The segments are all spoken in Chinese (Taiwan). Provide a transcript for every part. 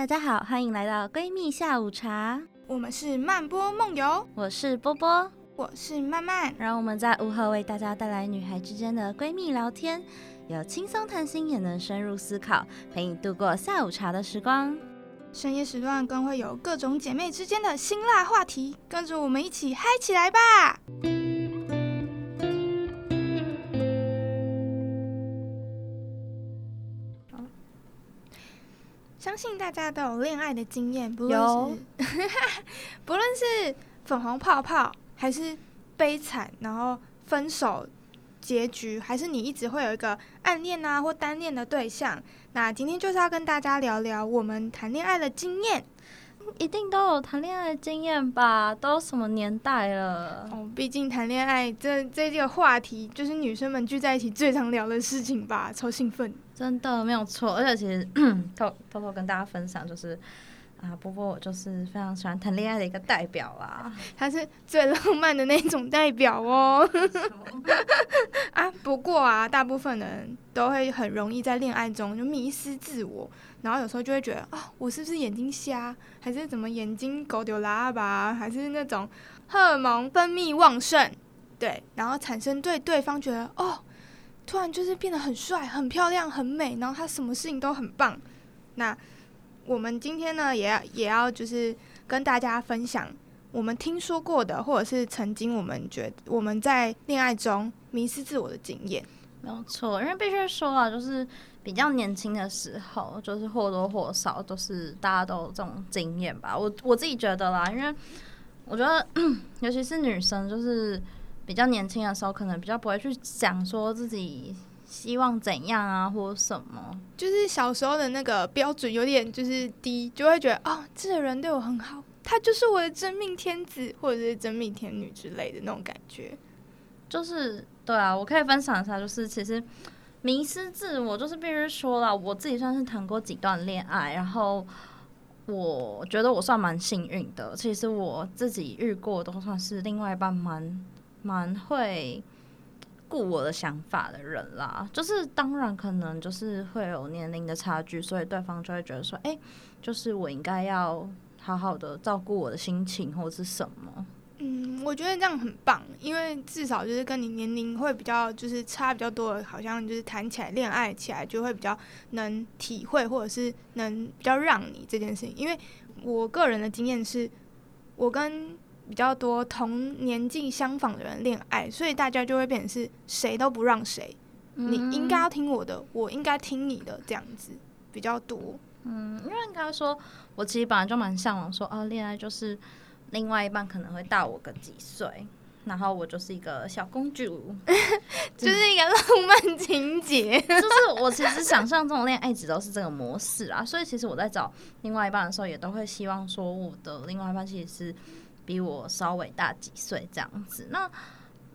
大家好，歡迎來到閨蜜下午茶。我們是漫波夢遊，我是波波，我是漫漫。讓我們在午後為大家帶來女孩之間的閨蜜聊天，有輕鬆談心，也能深入思考，陪你度過下午茶的時光。深夜時段更會有各種姐妹之間的辛辣話題，跟着我們一起嗨起來吧！相信大家都有戀愛的經驗，不論是有 不論是粉紅泡泡，還是悲慘，然後分手結局，還是你一直會有一個暗戀啊或單戀的對象。那今天就是要跟大家聊聊我們談戀愛的經驗，一定都有談戀愛的經驗吧？都什麼年代了？哦，畢竟談戀愛這這個話題，就是女生們聚在一起最常聊的事情吧，超興奮。真的沒有錯，而且其實偷偷偷跟大家分享，就是啊，不過我就是非常喜歡談戀愛的一個代表啊，他是最浪漫的那種代表哦。 啊，不過啊，大部分人都會很容易在戀愛中就迷失自我，然後有時候就會覺得哦，我是不是眼睛瞎，還是怎麼眼睛狗丟喇叭，還是那種荷爾蒙分泌旺盛，對，然後產生對對方覺得哦。突然就是變得很帥、很漂亮、很美，然後他什麼事情都很棒。那我們今天呢，也要也要就是跟大家分享我們聽說過的，或者是曾經我們覺得我們在戀愛中迷失自我的經驗。沒有錯，因為必須說啊，就是比較年輕的時候，就是或多或少都是大家都有這種經驗吧。我我自己覺得啦，因為我覺得尤其是女生，就是。比較年輕的時候，可能比較不會去想說自己希望怎樣啊，或者什麼。就是小時候的那個標準有點就是低，就會覺得哦，這個人對我很好，他就是我的真命天子或者是真命天女之類的那種感覺。就是對啊，我可以分享一下，就是其實迷失自我，就是比如說了，我自己算是談過幾段戀愛，然後我覺得我算蠻幸運的。其實我自己遇過的都算是另外一半蠻。蠻會顧我的想法的人啦，就是當然可能就是會有年齡的差距，所以對方就會覺得說，哎，就是我應該要好好的照顧我的心情或者是什麼。嗯，我覺得這樣很棒，因為至少就是跟你年齡會比較就是差比較多的，好像就是談起來戀愛起來就會比較能體會，或者是能比較讓你這件事情。因為我個人的經驗是，我跟比較多同年紀相仿的人戀愛，所以大家就會變成是誰都不讓誰。你應該要聽我的，我應該聽你的，這樣子比較多。嗯，因為他說我其實本來就蠻向往說，啊，戀愛就是另外一半可能會大我個幾歲，然後我就是一個小公主， 就是一個浪漫情節，嗯。 就是我其實想象中的戀愛一直都是這個模式啊，所以其實我在找另外一半的時候，也都會希望說，我的另外一半其實是。比我稍微大幾歲這樣子。那，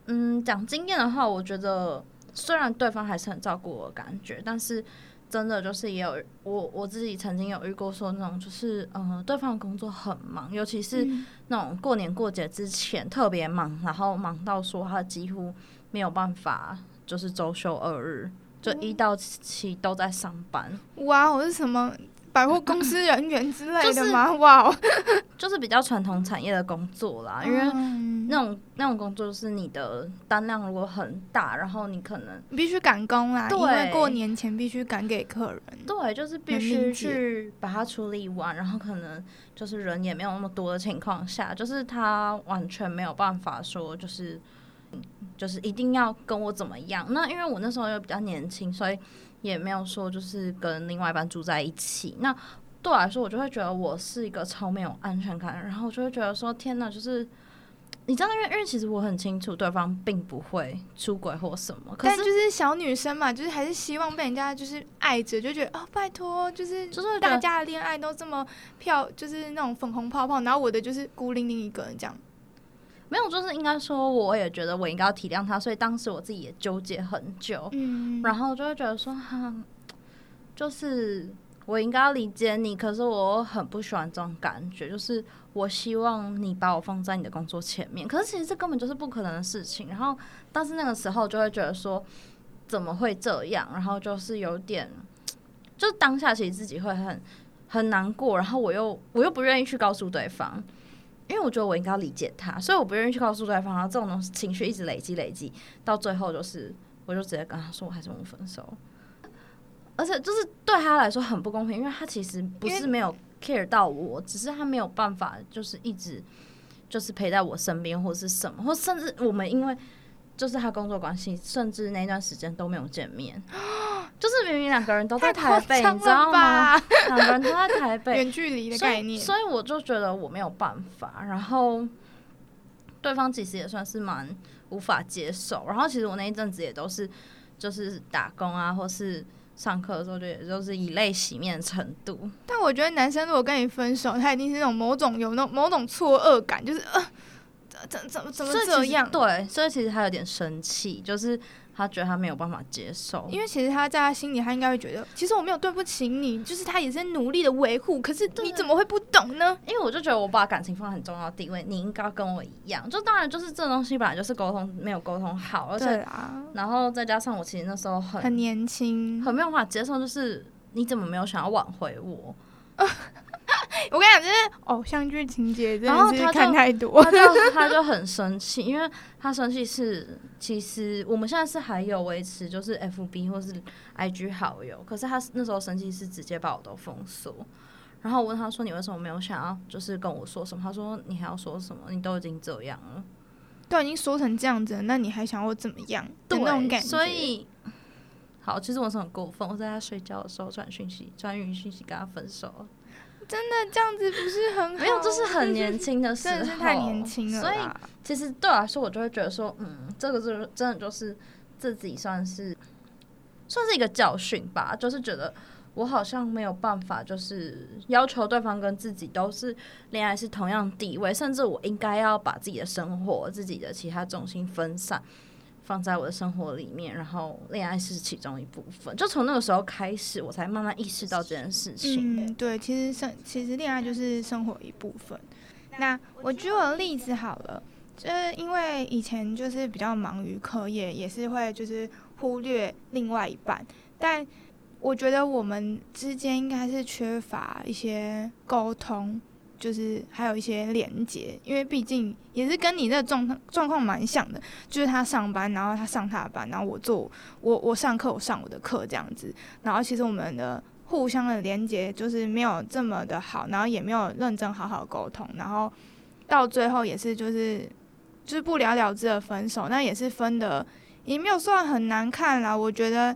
嗯，講經驗的話，我覺得雖然對方還是很照顧我的感覺，但是真的就是也有我我自己曾經有遇過說那種就是，嗯、呃，對方的工作很忙，尤其是那種過年過節之前特別忙，嗯，然後忙到說他幾乎沒有辦法，就是周休二日，就一到七都在上班。哇，我是什麼？百貨公司人員之類的嗎？哇、就是 wow，就是比較傳統產業的工作啦，嗯、因為那種那種工作是你的單量如果很大，然後你可能必須趕工啦，對，過年前必須趕給客人，對，就是必須去把它處理完，然後可能就是人也沒有那麼多的情況下，就是他完全沒有辦法說就是就是一定要跟我怎麼樣。那因為我那時候又比較年輕，所以。也沒有說就是跟另外一半住在一起，那對我來說，我就會覺得我是一個超沒有安全感的人，然後我就會覺得說天哪，就是你知道，那個因為其實我很清楚對方並不會出軌或什麼，可是但就是小女生嘛，就是還是希望被人家就是愛着，就覺得啊、哦、拜託，就是就是大家的戀愛都這麼漂，就是那種粉紅泡泡，然後我的就是孤零零一個人這樣。沒有，就是應該說，我也覺得我應該要體諒他，所以當時我自己也糾結很久，嗯，然後就會覺得說，哈，就是我應該要理解你，可是我很不喜歡這種感覺，就是我希望你把我放在你的工作前面，可是其實這根本就是不可能的事情。然後，但是那個時候就會覺得說，怎麼會這樣？然後就是有點，就當下其實自己會很很難過，然後我又我又不願意去告訴對方。因為我覺得我應該要理解他，所以我不願意去告訴對方啊。然後這種東西情緒一直累積累積，到最後就是，我就直接跟他說，我還是我們分手。而且就是對他來說很不公平，因為他其實不是沒有 care 到我，只是他沒有辦法，就是一直就是陪在我身邊或是什麼，或甚至我們因為。就是他工作關係，甚至那段時間都沒有見面。 就是明明兩個人都在台北， 吧你知道嗎？兩個人都在台北，遠 距離的概念。所以，所以我就覺得我沒有辦法。然後對方其實也算是蠻無法接受。然後其實我那陣子也都是就是打工啊，或是上課的時候，就也就是以淚洗面的程度。但我覺得男生如果跟你分手，他一定是那種某種有那種某種錯愕感，就是呃。怎怎怎麼怎麼怎麼樣？對，所以其實他有點生氣，就是他覺得他沒有辦法接受，因為其實他在他心裡，他應該會覺得，其實我沒有對不起你，就是他也是在努力的維護。可是你怎麼會不懂呢？因為我就覺得我把感情放在很重要的地位，你應該跟我一樣。就當然，就是這東西本來就是溝通沒有溝通好，對，而且啊，然後再加上我其實那時候很很年輕，很沒有辦法接受，就是你怎麼沒有想要挽回我？ 我跟你講，就是偶像劇情節，然後他看太多， 他就他就很生氣，因為他生氣是，其實我們現在是還有維持，就是 F B 或是 I G 好友，可是他那時候生氣是直接把我都封鎖，然後我問他說，你為什麼沒有想要就是跟我說什麼？他說你還要說什麼？你都已經這樣了，都已經說成這樣子了，那你還想要我怎麼樣？對，那種感覺。所以，好，其實我是很過分，我在他睡覺的時候轉訊息，轉語音信息跟他分手了。真的這樣子不是很好， 沒有，就是很年輕的時候，是，真的是太年輕了。所以其實對我來說，我就會覺得說，嗯，這個就是真的就是自己算是算是一個教訓吧。就是覺得我好像沒有辦法，就是要求對方跟自己都是戀愛是同樣地位，甚至我應該要把自己的生活、自己的其他重心分散。放在我的生活裡面，然後戀愛是其中一部分。就從那個時候開始，我才慢慢意識到這件事情。嗯，對，其實生其實戀愛就是生活一部分。那我舉我的例子好了，就是因為以前就是比較忙於課業，也是會就是忽略另外一半。但我覺得我們之間應該是缺乏一些溝通。就是還有一些連接，因為畢竟也是跟你這狀狀況蠻像的，就是他上班，然後他上他的班，然後我做我我上課，我上我的課這樣子。然後其實我們的互相的連接就是沒有這麼的好，然後也沒有認真好好溝通，然後到最後也是就是就是不了了之的分手。那也是分的也沒有算很難看啦，我覺得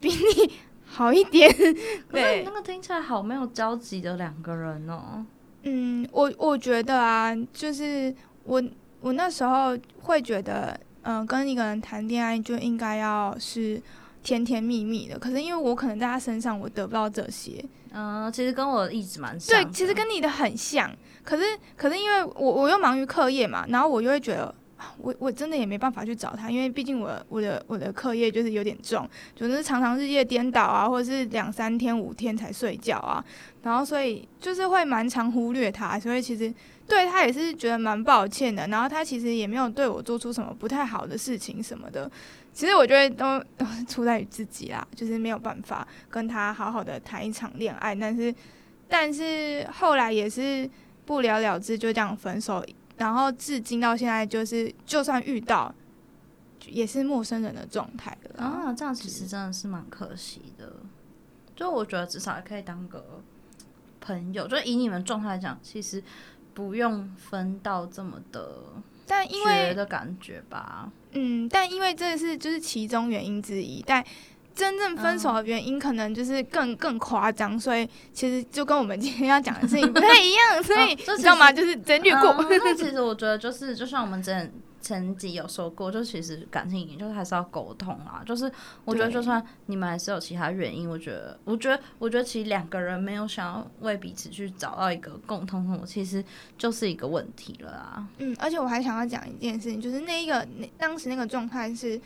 比你好一點。對， 可是你那個聽起來好沒有交集的兩個人哦。嗯，我我覺得啊，就是我我那時候會覺得，嗯、呃，跟一個人談戀愛就應該要是甜甜蜜蜜的。可是因為我可能在他身上我得不到這些，嗯，其實跟我一直蠻像，對，其實跟你的很像。可是可是因為我我又忙於課業嘛，然後我就會覺得。我我真的也沒辦法去找他，因為畢竟我我的我的課業就是有點重，總、就是常常日夜顛倒啊，或者是兩三天五天才睡覺啊，然後所以就是會蠻常忽略他，所以其實對他也是覺得蠻抱歉的。然後他其實也沒有對我做出什麼不太好的事情什麼的，其實我覺得都都是出在於自己啦，就是沒有辦法跟他好好的談一場戀愛。但是但是後來也是不了了之，就這樣分手。然後至今到現在，就是就算遇到，也是陌生人的狀態了。啊，啊，這樣其實真的是蠻可惜的。就我覺得，至少也可以當個朋友。就以你們狀態來講，其實不用分到這麼的，的，但因為的感覺吧。嗯，但因為這是就是其中原因之一，但。真正分手的原因，可能就是更、uh, 更誇張，所以其實就跟我們今天要講的事情不太一樣， 所以你知道嗎？ 哦、就是整理過。那其實我覺得就是，就算我們前曾經有說過，就其實感情已經就是還是要溝通啦。就是我覺得，就算你們還是有其他原因，我覺得，我覺得，我覺得其實兩個人沒有想要為彼此去找到一個共同的，其實就是一個問題了啦。嗯，而且我還想要講一件事情，就是那一個那當時那個狀態是，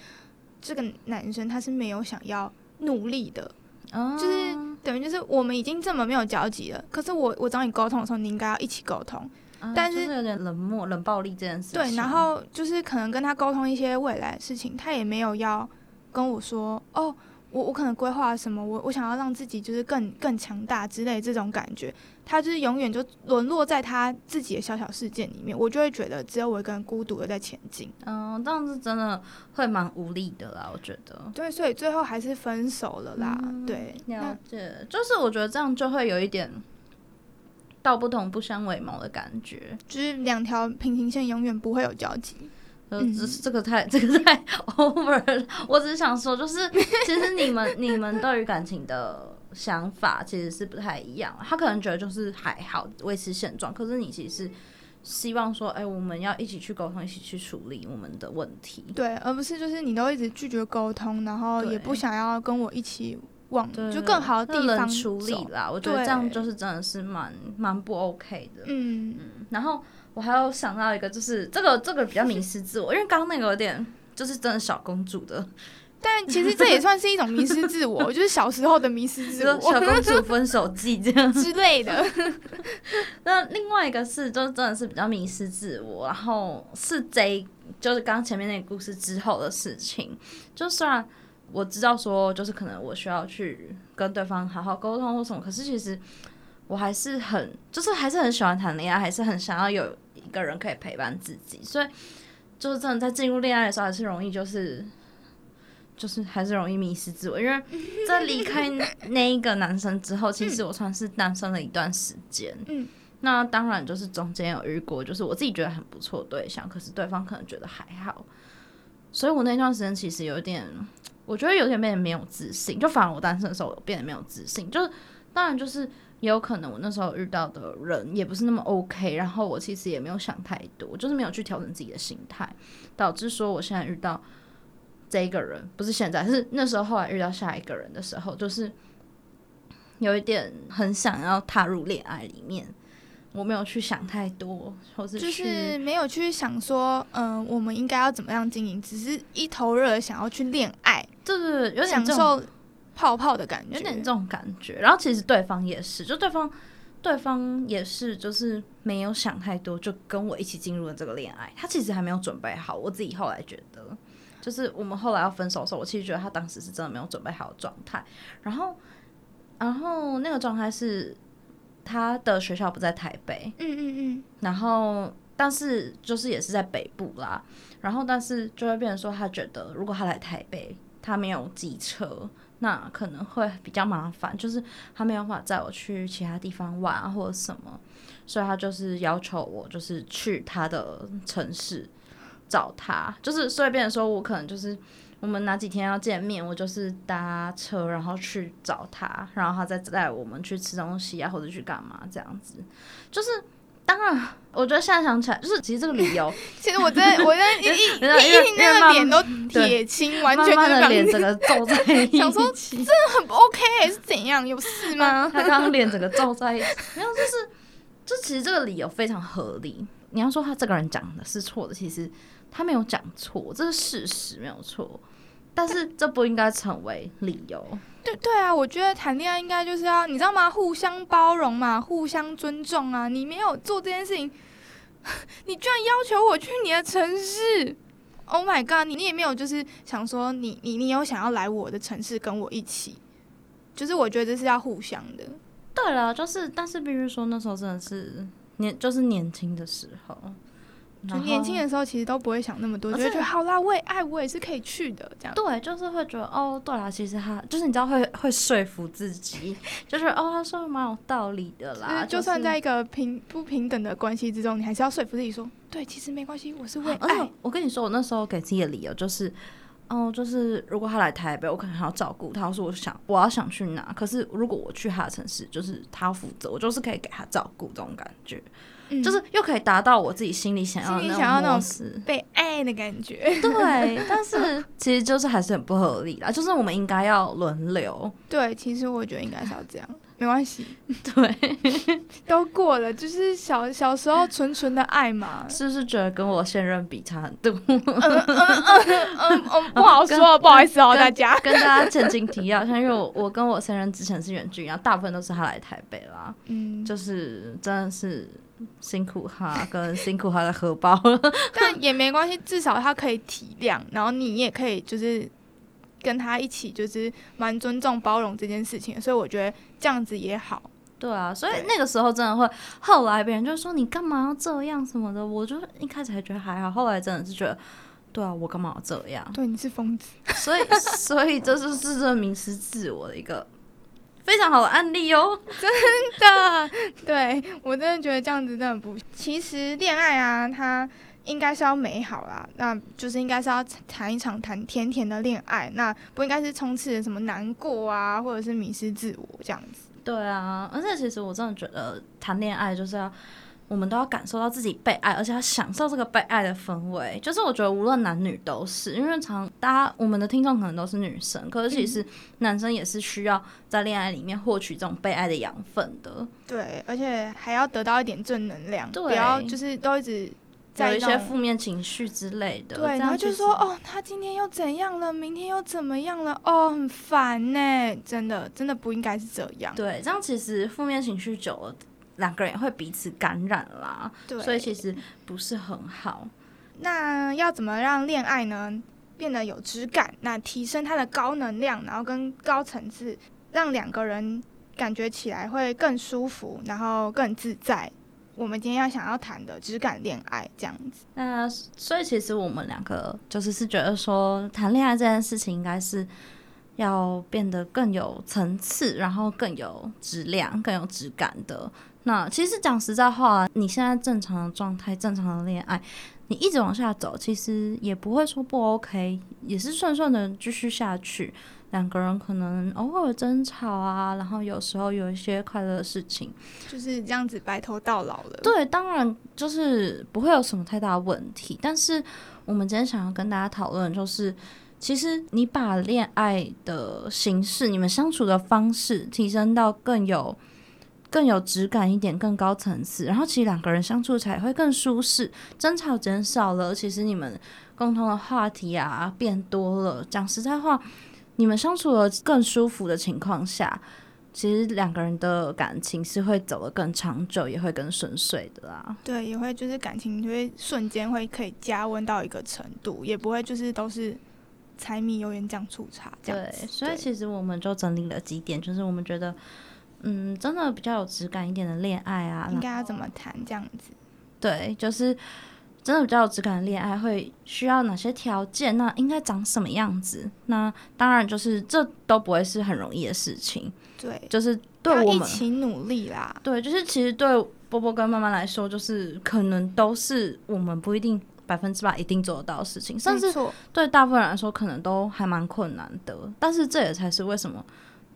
這個男生他是沒有想要努力的，哦、就是等於就是我們已經這麼沒有交集了。可是我我找你溝通的時候，你應該要一起溝通，嗯、但是、就是有點冷漠，冷暴力這件事情。對，然後就是可能跟他溝通一些未來的事情，他也沒有要跟我說哦。我我可能規劃什麼，我我想要讓自己就是更更強大之類這種感覺，他就是永遠就淪落在他自己的小小世界裡面，我就會覺得只有我一個人孤獨的在前進。嗯，這樣子真的會蠻無力的啦，我覺得。對，所以最後還是分手了啦。嗯、對，了解。那，就是我覺得這樣就會有一點道不同不相為謀的感覺，就是兩條平行線永遠不會有交集。這、嗯、這個太這個太 over 了，我只是想說，就是其實你們 你們對於感情的想法其實是不太一樣。他可能覺得就是還好維持現狀，可是你其實是希望說，哎，我們要一起去溝通，一起去處理我們的問題，對，而不是就是你都一直拒絕溝通，然後也不想要跟我一起往就更好的地方處理啦。我覺得這樣就是真的是蠻蠻不 OK 的，嗯，嗯，然後。我還有想到一個，就是這個這個比較迷失自我，因為剛剛那個有點就是真的小公主的， 但其實這也算是一種迷失自我，就是小時候的迷失自我， 就是小公主分手記這樣 之類的。 那另外一個是，就真的是比較迷失自我，然後是賊，就是剛前面那個故事之後的事情。就算我知道說，就是可能我需要去跟對方好好溝通或什麼，可是其實。我還是很，就是還是很喜歡談戀愛，還是很想要有一個人可以陪伴自己，所以就是真的在進入戀愛的時候，還是容易就是就是還是容易迷失自我。因為在離開那一個男生之後， 其實我算是單身了一段時間。嗯，那當然就是中間有遇過，就是我自己覺得很不錯對象，可是對方可能覺得還好，所以我那段時間其實有點，我覺得有點變得沒有自信。就反而我單身的時候，我變得沒有自信。就是當然就是。也有可能我那時候遇到的人也不是那麼 OK，然後我其實也沒有想太多，我就是沒有去調整自己的心態，導致說我現在遇到這一個人，不是現在，是那時候後來遇到下一個人的時候，就是有一點很想要踏入戀愛裡面，我沒有去想太多，或是就是沒有去想說，嗯、呃，我們應該要怎麼樣經營，只是一頭熱想要去戀愛，就是有點這種。泡泡的感覺，有點這種感覺。然後其實對方也是，就對方，對方也是，就是沒有想太多，就跟我一起進入了這個戀愛。他其實還沒有準備好。我自己後來覺得，就是我們後來要分手的時候，我其實覺得他當時是真的沒有準備好的狀態。然後，然後那個狀態是他的學校不在台北，嗯嗯嗯。然後，但是就是也是在北部啦。然後，但是就會變成說，他覺得如果他來台北，他沒有機車。那可能會比較麻煩，就是他沒有辦法載我去其他地方玩，啊、或者什麼，所以他就是要求我就是去他的城市找他，就是所以變成說我可能就是我們哪幾天要見面，我就是搭車然後去找他，然後他再帶我們去吃東西啊或者去幹嘛這樣子，就是。啊，我覺得現在想起來，就是其實這個理由，其實我在，我在，一一聽那個臉都鐵青，完 全的臉整個皺在一起，想說真的很不 OK，是怎樣？有事嗎？啊、他剛剛臉整個皺在， 沒有，就是，就是、其實這個理由非常合理。你要說他這個人講的是錯的，其實他沒有講錯，這是事實，沒有錯。 但是這不應該成為理由。 對，對對啊，我覺得談戀愛應該就是要，你知道嗎？互相包容嘛，互相尊重啊。你沒有做這件事情，你居然要求我去你的城市？Oh my god！你你也沒有就是想說你，你你你有想要來我的城市跟我一起？就是我覺得這是要互相的。對了，就是但是比如說那時候真的是年，就是年輕的時候。就年輕的時候，其實都不會想那麼多，就覺得好啦，為愛我也是可以去的，這樣。對，就是會覺得哦，對了，其實他就是你知道會，會會說服自己，就是哦，他說的蠻有道理的啦、就是。就算在一個平不平等的關係之中，你還是要說服自己說，對，其實沒關係，我是為愛是。我跟你說，我那時候給自己的理由就是，哦，就是如果他來台北，我可能還要照顧他，他說我想，我要想去哪，可是如果我去他的城市，就是他負責，我就是可以給他照顧，這種感覺。嗯、就是又可以達到我自己心裡想要的那種，心裡想要那種被愛的感覺，對。 但是其實就是還是很不合理啦，就是我們應該要輪流。對，其實我覺得應該是要這樣，沒關係。對， 都過了，就是小小時候純純的愛嘛，是不是覺得跟我現任比差很多？ 嗯嗯嗯嗯，嗯，不好說，哦，不好意思哦，大家跟大家曾經提要， 像因為我，我跟我現任之前是遠距，然後大部分都是他來台北啦。嗯，就是真的是。辛苦他跟辛苦他的荷包 但也沒關係，至少他可以體諒，然後你也可以就是跟他一起，就是蠻尊重包容這件事情，所以我覺得這樣子也好。對啊，所以那個時候真的會，後來別人就說你幹嘛要這樣什麼的，我就一開始還覺得還好，後來真的是覺得，對啊，我幹嘛要這樣？對，你是瘋子。 所以，所以這就是迷失自我的一個。非常好的案例哦， 真的，對我真的覺得這樣子真的不。其實戀愛啊，它應該是要美好啦，那就是應該是要談一場談甜甜的戀愛，那不應該是充斥著什麼難過啊，或者是迷失自我這樣子。對啊，而且其實我真的覺得談戀愛就是要。我們都要感受到自己被愛，而且要享受這個被愛的氛圍。就是我覺得無論男女都是，因為常常大家我們的聽眾可能都是女生，可是其實男生也是需要在戀愛裡面獲取這種被愛的養分的。對，而且還要得到一點正能量，對，不要就是都一直在一些負面情緒之類的。對，然後就說哦，他今天又怎樣了，明天又怎麼樣了，哦，很煩呢，真的，真的不應該是這樣。對，這樣其實負面情緒久了。兩個人會彼此感染啦，對，所以其實不是很好。那要怎麼讓戀愛呢變得有質感？那提升它的高能量，然後跟高層次，讓兩個人感覺起來會更舒服，然後更自在，我們今天要想要談的質感戀愛這樣子。那所以其實我們兩個就是是覺得說，談戀愛這件事情應該是要變得更有層次，然後更有質量，更有質感的。那其實講實在話啊，你現在正常的狀態、正常的戀愛，你一直往下走，其實也不會說不 OK，也是順順的繼續下去。兩個人可能偶爾爭吵啊，然後有時候有一些快樂的事情，就是這樣子白頭到老了。對，當然就是不會有什麼太大問題。但是我們今天想要跟大家討論，就是其實你把戀愛的形式、你們相處的方式提升到更有。更有質感一點，更高層次，然後其實兩個人相處才會更舒適，爭吵減少了，其實你們共同的話題啊變多了。講實在話，你們相處了更舒服的情況下，其實兩個人的感情是會走得更長久，也會更順遂的啦、啊。對，也會就是感情會瞬間會可以加溫到一個程度，也不會就是都是柴米油鹽醬醋茶這樣。對，對，所以其實我們就整理了幾點，就是我們覺得。嗯，真的比較有質感一點的戀愛啊，應該要怎麼談這樣子？對，就是真的比較有質感的戀愛，會需要哪些條件？那應該長什麼樣子？那當然就是這都不會是很容易的事情。對，就是對我們一起努力啦。對，就是其實對波波跟漫漫來說，就是可能都是我們不一定百分之百一定做得到的事情，甚至對大部分人來說，可能都還蠻困難的。但是這也才是為什麼。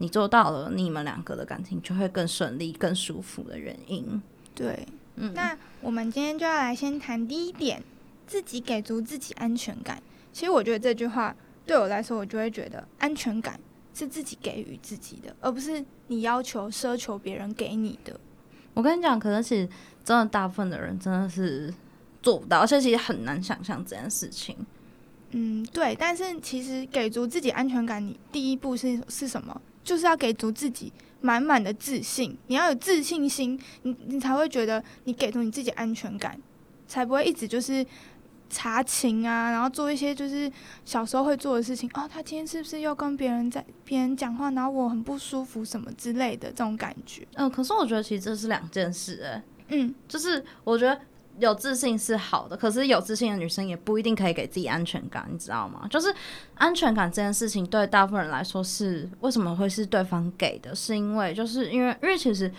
你做到了，你們兩個的感情就會更順利、更舒服的原因。對，嗯，那我們今天就要來先談第一點：自己給足自己安全感。其實我覺得這句話對我來說，我就會覺得安全感是自己給予自己的，而不是你要求、奢求別人給你的。我跟你講，可能是真的大部分的人真的是做不到，而且其實很難想象這件事情。嗯，對。但是其實給足自己安全感，你第一步是是什麼？就是要給足自己滿滿的自信，你要有自信心，你你才會覺得你給足你自己安全感，才不會一直就是查勤啊，然後做一些就是小時候會做的事情哦。他今天是不是又跟別人在別人講話，然後我很不舒服什麼之類的這種感覺。嗯、呃，可是我覺得其實這是兩件事、欸，嗯，就是我覺得。有自信是好的，可是有自信的女生也不一定可以給自己安全感，你知道嗎？就是安全感這件事情，對大部分人來說是為什麼會是對方給的？是因為就是因為因為其實，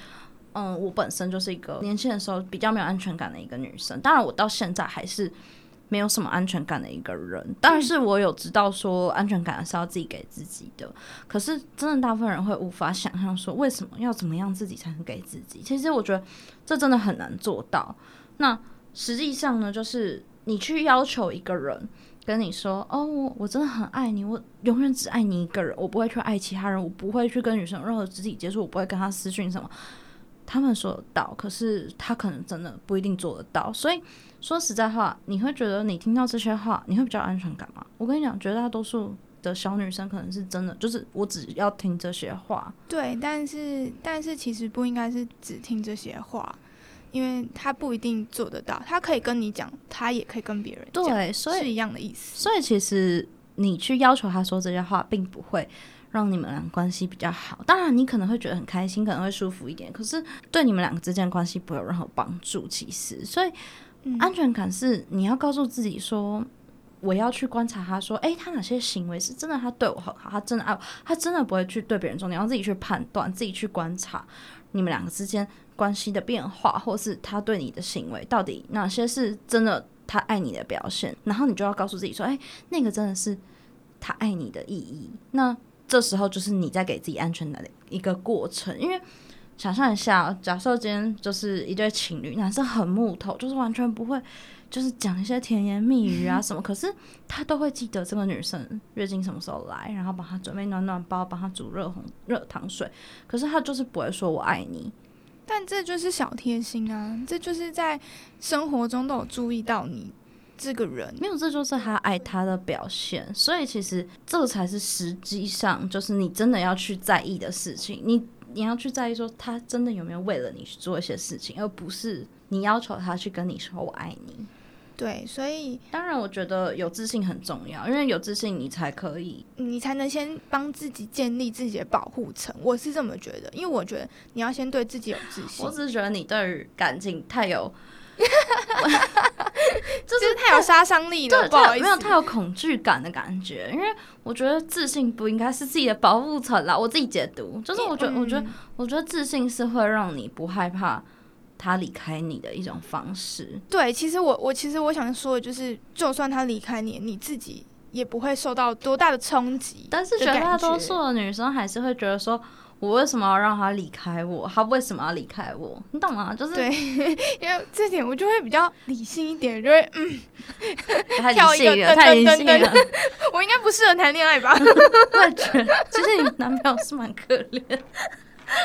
嗯，我本身就是一個年輕的時候比較沒有安全感的一個女生，當然我到現在還是沒有什麼安全感的一個人，但是我有知道說安全感是要自己給自己的。嗯、可是，真的大部分人會無法想象說為什麼要怎麼樣自己才能給自己？其實我覺得這真的很難做到。那實際上呢，就是你去要求一個人跟你說：“哦，我我真的很愛你，我永遠只愛你一個人，我不會去愛其他人，我不會去跟女生有任何肢體接觸，我不會跟他私訊什麼。”他們說得到，可是他可能真的不一定做得到。所以說實在話，你會覺得你聽到這些話，你會比較安全感嗎？我跟你講，絕大多數的小女生可能是真的，就是我只要聽這些話。對，但是但是其實不應該是只聽這些話。因為他不一定做得到，他可以跟你講，他也可以跟別人講，對，所以是一樣的意思。所以其實你去要求他說這些話，並不會讓你們倆關係比較好。當然，你可能會覺得很開心，可能會舒服一點，可是對你們兩個之間的關係不會有任何幫助。其實，所以安全感是你要告訴自己說、嗯，我要去觀察他，說，哎、欸，他哪些行為是真的，他對我很好，他真的愛我，他真的不會去對別人重點，要自己去判斷，自己去觀察你們兩個之間。關係的變化，或是他對你的行為，到底哪些是真的？他愛你的表現，然後你就要告訴自己說：“哎、欸，那個真的是他愛你的意義。”那這時候就是你在給自己安全感的一個過程。因為想象一下，假設今天就是一對情侶，男生很木頭，就是完全不會就是講一些甜言蜜語啊什麼、嗯，可是他都會記得這個女生月經什麼時候來，然後幫他準備暖暖包，幫他煮熱紅熱糖水，可是他就是不會說“我愛你”。但這就是小貼心啊！這就是在生活中都有注意到你這個人，沒有？這就是他愛他的表現。所以其實這才是實際上就是你真的要去在意的事情。你你要去在意說他真的有沒有為了你去做一些事情，而不是你要求他去跟你說“我愛你”。對，所以當然，我覺得有自信很重要，因為有自信，你才可以，你才能先幫自己建立自己的保護層。我是這麼覺得，因為我覺得你要先對自己有自信。我只是覺得你對感情太有， 就是、太就是太有殺傷力了。對，不好意思。對，沒有太有恐懼感的感覺，因為我覺得自信不應該是自己的保護層啦。我自己解讀，就是我覺得、欸嗯，我覺得，我覺得自信是會讓你不害怕。他離開你的一種方式。對，其實我我其實我想說的就是，就算他離開你，你自己也不會受到多大的衝擊。但是絕大多數的女生還是會覺得說，我為什麼要讓他離開我？他為什麼要離開我？你懂嗎、啊？就是，對，因為這點，我就會比較理性一點，就會嗯，太理性了，跳一個噸噸噸噸太理性了。我應該不適合談戀愛吧？ 我也覺得，其實你男朋友是蠻可憐。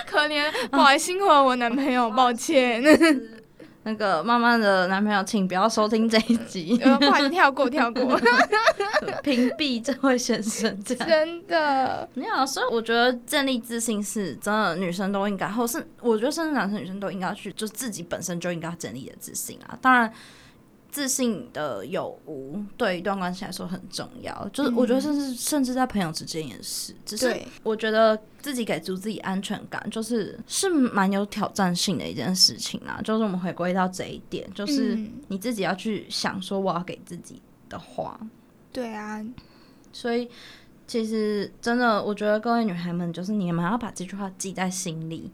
可憐，我還辛苦了我男朋友，啊、抱歉。抱歉 那個漫漫的男朋友，請不要收聽這一集，快、嗯、跳過，跳過。 屏蔽這位先生這樣，真的。沒有，所以我覺得建立自信是真的，女生都應該，或是我覺得甚至男生女生都應該去，就自己本身就應該建立的自信啊。當然。自信的有無對一段關係來說很重要，就是我覺得甚至、嗯、甚至在朋友之間也是。只是我覺得自己給足自己安全感，就是是蠻有挑戰性的一件事情啊。就是我們回歸到這一點，就是你自己要去想說我要給自己的話。嗯、對啊，所以其實真的，我覺得各位女孩們，就是你們要把這句話記在心裡。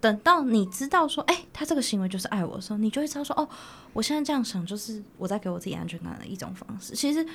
等到你知道說，哎、欸，他這個行為就是愛我的時候，你就會知道說，哦，我現在這樣想就是我在給我自己安全感的一種方式。其實，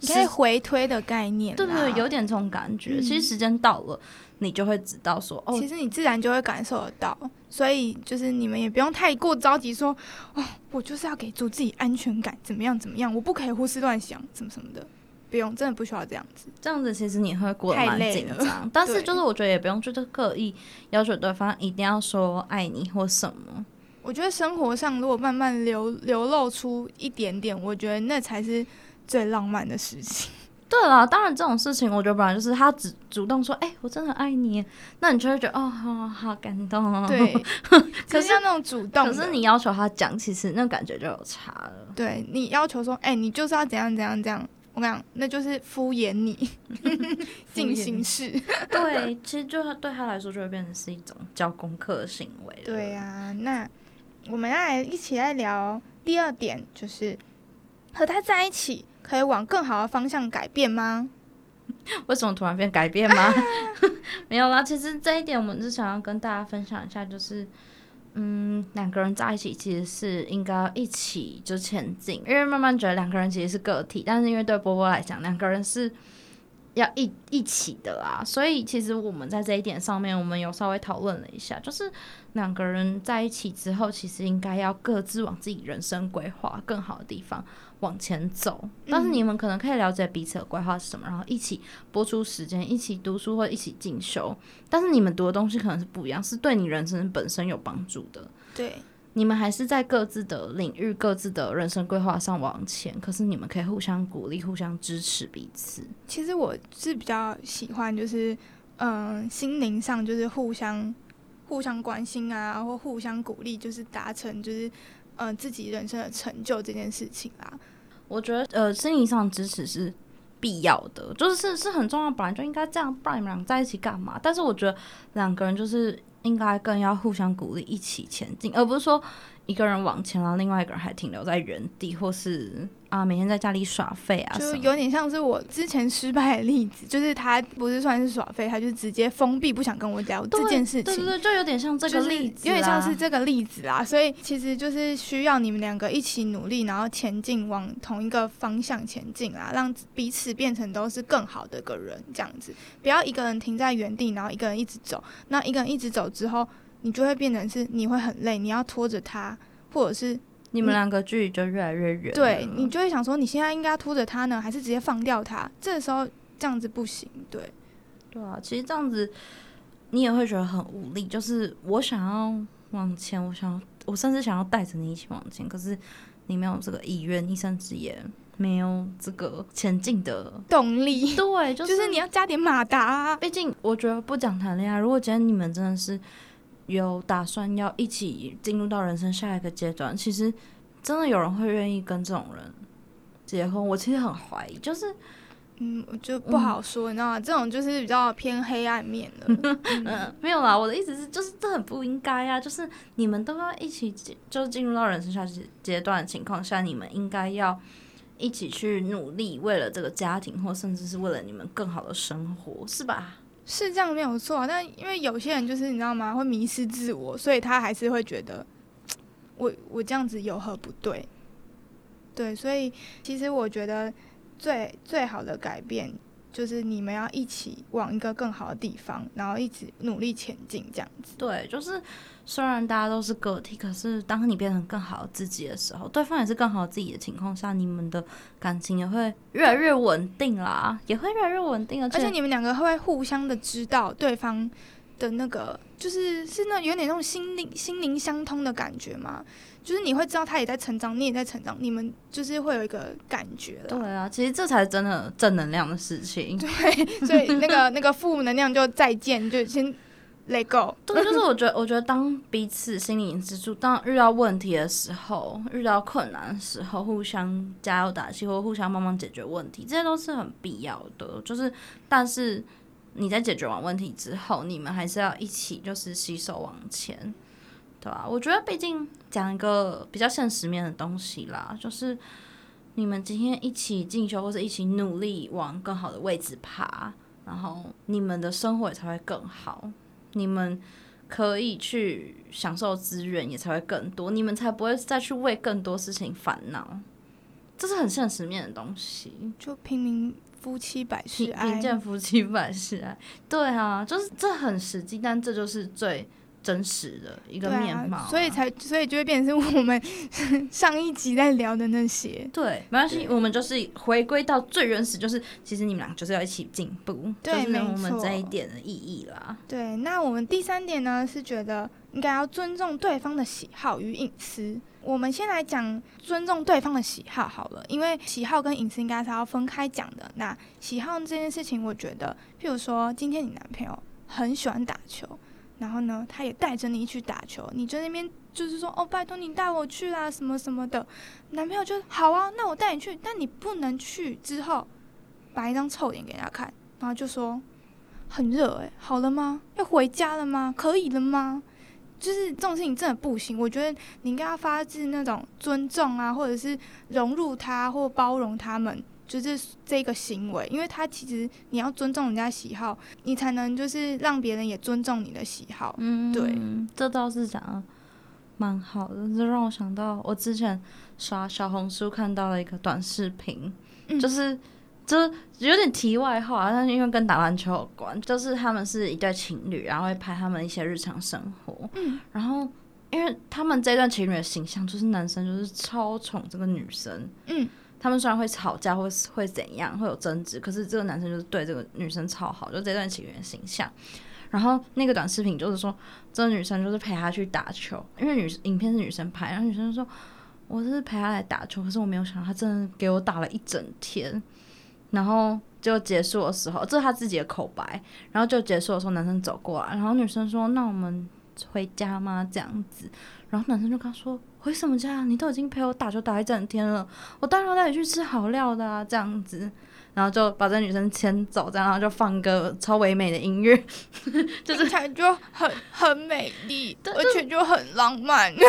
你可以回推的概念，對不對,對？有點這種感覺。嗯、其實時間到了，你就會知道說，哦，其實你自然就會感受得到。所以，就是你們也不用太過着急說，哦，我就是要給足自己安全感，怎麼樣怎麼樣，我不可以胡思亂想，怎麼怎麼的。不用，真的不需要這樣子。這樣子其實你會過得蠻緊張，但是就是我覺得也不用就是刻意要求對方一定要說愛你或什麼。我覺得生活上如果慢慢流流露出一點點，我覺得那才是最浪漫的事情。對啊，當然這種事情我覺得本來就是他只主動說，哎、欸，我真的很愛你，那你就會覺得哦，好好感動哦。對， 可是那種主動，可是你要求他講，其實那感覺就有差了。對，你要求說，哎、欸，你就是要怎樣怎樣這樣。那樣，那就是敷衍你，進 行式。對， 其實就對他來說，就會變成是一種交功課的行為。對呀、啊，那我們來一起來聊第二點，就是和他在一起可以往更好的方向改變嗎？為什麼突然變改變嗎？ 沒有啦，其實這一點，我們是想要跟大家分享一下，就是。嗯，兩個人在一起其實是應該一起就前進，因為漫漫覺得兩個人其實是個體，但是因為對波波來講，兩個人是。要一一起的啦，所以其實我們在這一點上面，我們有稍微討論了一下，就是兩個人在一起之後，其實應該要各自往自己人生規劃更好的地方往前走，嗯。但是你們可能可以了解彼此的規劃是什麼，然後一起撥出時間，一起讀書或者一起進修。但是你們讀的東西可能是不一樣，是對你人生本身有幫助的。對。你們還是在各自的領域、各自的人生規劃上往前，可是你們可以互相鼓勵、互相支持彼此。其實我是比較喜歡，就是嗯、呃，心靈上就是互相、互相關心啊，或互相鼓勵，就是達成就是嗯、呃、自己人生的成就這件事情啦、啊。我覺得呃，心靈上支持是必要的，就是是很重要，本來就應該這樣，不然你們倆在一起幹嘛？但是我覺得兩個人就是。應該更要互相鼓勵，一起前進，而不是說一個人往前，然後另外一個人還停留在原地，或是。啊，每天在家裡耍廢啊，就有點像是我之前失敗的例子，就是他不是算是耍廢，他就直接封閉，不想跟我聊這件事情，對對對，就有點像這個例子，就是、有點像是這個例子啊。所以其實就是需要你們兩個一起努力，然後前進往同一個方向前進啊，讓彼此變成都是更好的一個人這樣子。不要一個人停在原地，然後一個人一直走。那一個人一直走之後，你就會變成是你會很累，你要拖着他，或者是。你們兩個距離就越來越遠。對，你就會想說，你現在應該拖着他呢，還是直接放掉他？這個時候這樣子不行，對。對啊，其實這樣子你也會覺得很無力。就是我想要往前，我想要，我甚至想要帶着你一起往前，可是你沒有這個意願，你甚至也沒有這個前進的動力。對、就是，就是你要加點馬達。畢竟，我覺得不講談戀愛，如果今天你們真的是。有打算要一起進入到人生下一個階段，其實真的有人會願意跟這種人結婚，我其實很懷疑，就是嗯，我就不好說，嗯，你知道嗎？這種就是比較偏黑暗面的。 嗯， 沒有啦，我的意思是，就是這很不應該啊！就是你們都要一起進，就是進入到人生下階階段的情況下，你們應該要一起去努力，為了這個家庭，或甚至是為了你們更好的生活，是吧？是這樣沒有錯，但因為有些人就是你知道嗎，會迷失自我，所以他還是會覺得，我我這樣子有何不對。對，所以其實我覺得最最好的改變。就是你們要一起往一個更好的地方，然後一起努力前進，這樣子。對，就是雖然大家都是個體，可是當你變成更好的自己的時候，對方也是更好自己的情況下，你們的感情也會越來越穩定啦，也會越來越穩定。而且，而且你們兩個會，會互相的知道對方的那個，就是是那有點那種心靈心靈相通的感覺嗎？就是你會知道他也在成長，你也在成長，你們就是會有一個感覺。對啊，其實這才是真的正能量的事情。對，所以那個 那個負能量就再見，就先 let go。對，就是我覺得，我覺得當彼此心靈支柱，當遇到問題的時候，遇到困難的時候，互相加油打氣，或互相幫忙解決問題，這些都是很必要的。就是，但是你在解決完問題之後，你們還是要一起就是攜手往前。我覺得，畢竟講一個比較現實面的東西啦，就是你們今天一起進修或者一起努力往更好的位置爬，然後你們的生活也才會更好，你們可以去享受資源也才會更多，你們才不會再去為更多事情煩惱。這是很現實面的東西，就貧賤夫妻百事哀，貧賤夫妻百事哀。對啊，就是這很實際，但這就是最。真實的一個面貌、啊啊，所以才所以就會變成我們 上一集在聊的那些。對，沒關係，我們就是回歸到最原始，就是其實你們倆就是要一起進步，對，沒、就、有、是、我們這一點的意義啦。對，那我們第三點呢是覺得應該要尊重對方的喜好與隱私。我們先來講尊重對方的喜好好了，因為喜好跟隱私應該是要分開講的。那喜好這件事情，我覺得，譬如說，今天你男朋友很喜歡打球。然後呢，他也帶着你去打球，你在那邊就是說哦，拜托你帶我去啊，什麼什麼的。男朋友就好啊，那我帶你去，但你不能去之後擺一張臭臉給人家看，然後就說很熱誒、欸，好了嗎？要回家了嗎？可以了嗎？就是這種事情真的不行，我覺得你應該要發自那種尊重啊，或者是融入他或包容他們。就是這個行為，因為他其實你要尊重人家喜好，你才能就是讓別人也尊重你的喜好。嗯，對，這倒是講的蠻好的，這讓我想到我之前刷小紅書看到了一個短視頻，嗯，就是這、就是、有點題外話啊，但是因為跟打籃球有關，就是他們是一對情侶，然後會拍他們一些日常生活。嗯，然後因為他們這段情侶的形象就是男生就是超寵這個女生。嗯。他們雖然會吵架，或是會怎樣，會有爭執，可是這個男生就是對這個女生超好，就這段情緣形象。然後那個短視頻就是說，這個女生就是陪他去打球，因為女影片是女生拍，然後女生說：“我是陪他來打球，可是我沒有想到他真的給我打了一整天。”然後就結束的時候，這是他自己的口白。然後就結束的時候，男生走過來，然後女生說：“那我們。”回家嗎？這樣子，然後男生就跟他說：“回什麼家、啊？你都已經陪我打球打一整天了，我當然要帶你去吃好料的、啊。”這樣子，然後就把這女生牽走，這樣然後就放個超唯美的音樂，就是感覺很很美麗， 而且就很浪漫。 就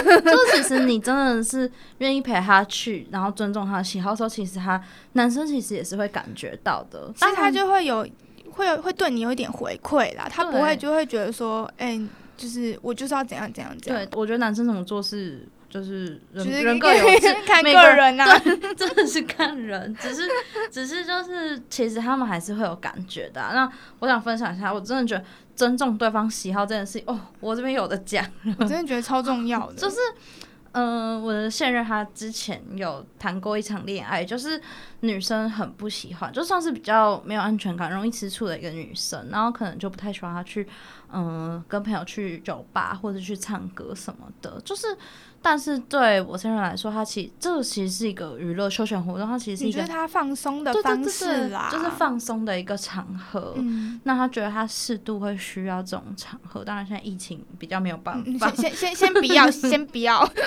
其實你真的是願意陪她去，然後尊重她喜好的時候，其實他男生其實也是會感覺到的，但他就會有、嗯、會有會對你有一點回饋啦，他不會就會覺得說，哎、欸。就是我就是要怎樣怎樣怎樣。對，我覺得男生怎麼做事就是人，其實看個人啊，人各有志 看個人啊，真的是看人。 只是，只是就是，其實他們還是會有感覺的啊。那我想分享一下，我真的覺得尊重對方喜好這件事，哦，我這邊有的講，我真的覺得超重要的，就是。嗯、呃，我的現任他之前有談過一場戀愛，就是女生很不喜歡，就算是比較沒有安全感、容易吃醋的一個女生，然後可能就不太喜歡他去，嗯、呃，跟朋友去酒吧或者去唱歌什麼的，就是。但是對我先生來說，他其實，這其實是一個娛樂休閒活動，他其實是覺得他放鬆的方式啦，對對對，就是放鬆的一個場合。嗯、那他覺得他適度會需要這種場合，當然現在疫情比較沒有辦法，先先先不要，先不要。 不要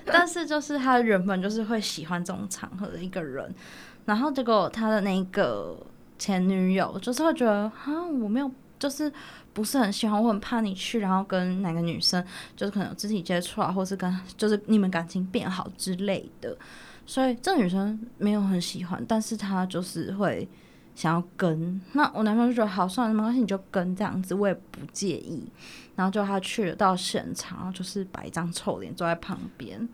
但是就是他原本就是會喜歡這種場合的一個人，然後結果他的那個前女友就是會覺得啊，我沒有。就是不是很喜歡，我很怕你去，然後跟哪個女生，就是可能有肢體接觸啊，或是跟就是你們感情變好之類的。所以這個女生沒有很喜歡，但是她就是會想要跟。那我男朋友就覺得好，算了，沒關係，你就跟這樣子，我也不介意。然後就他去了到現場，然後就是擺一張臭臉坐在旁邊。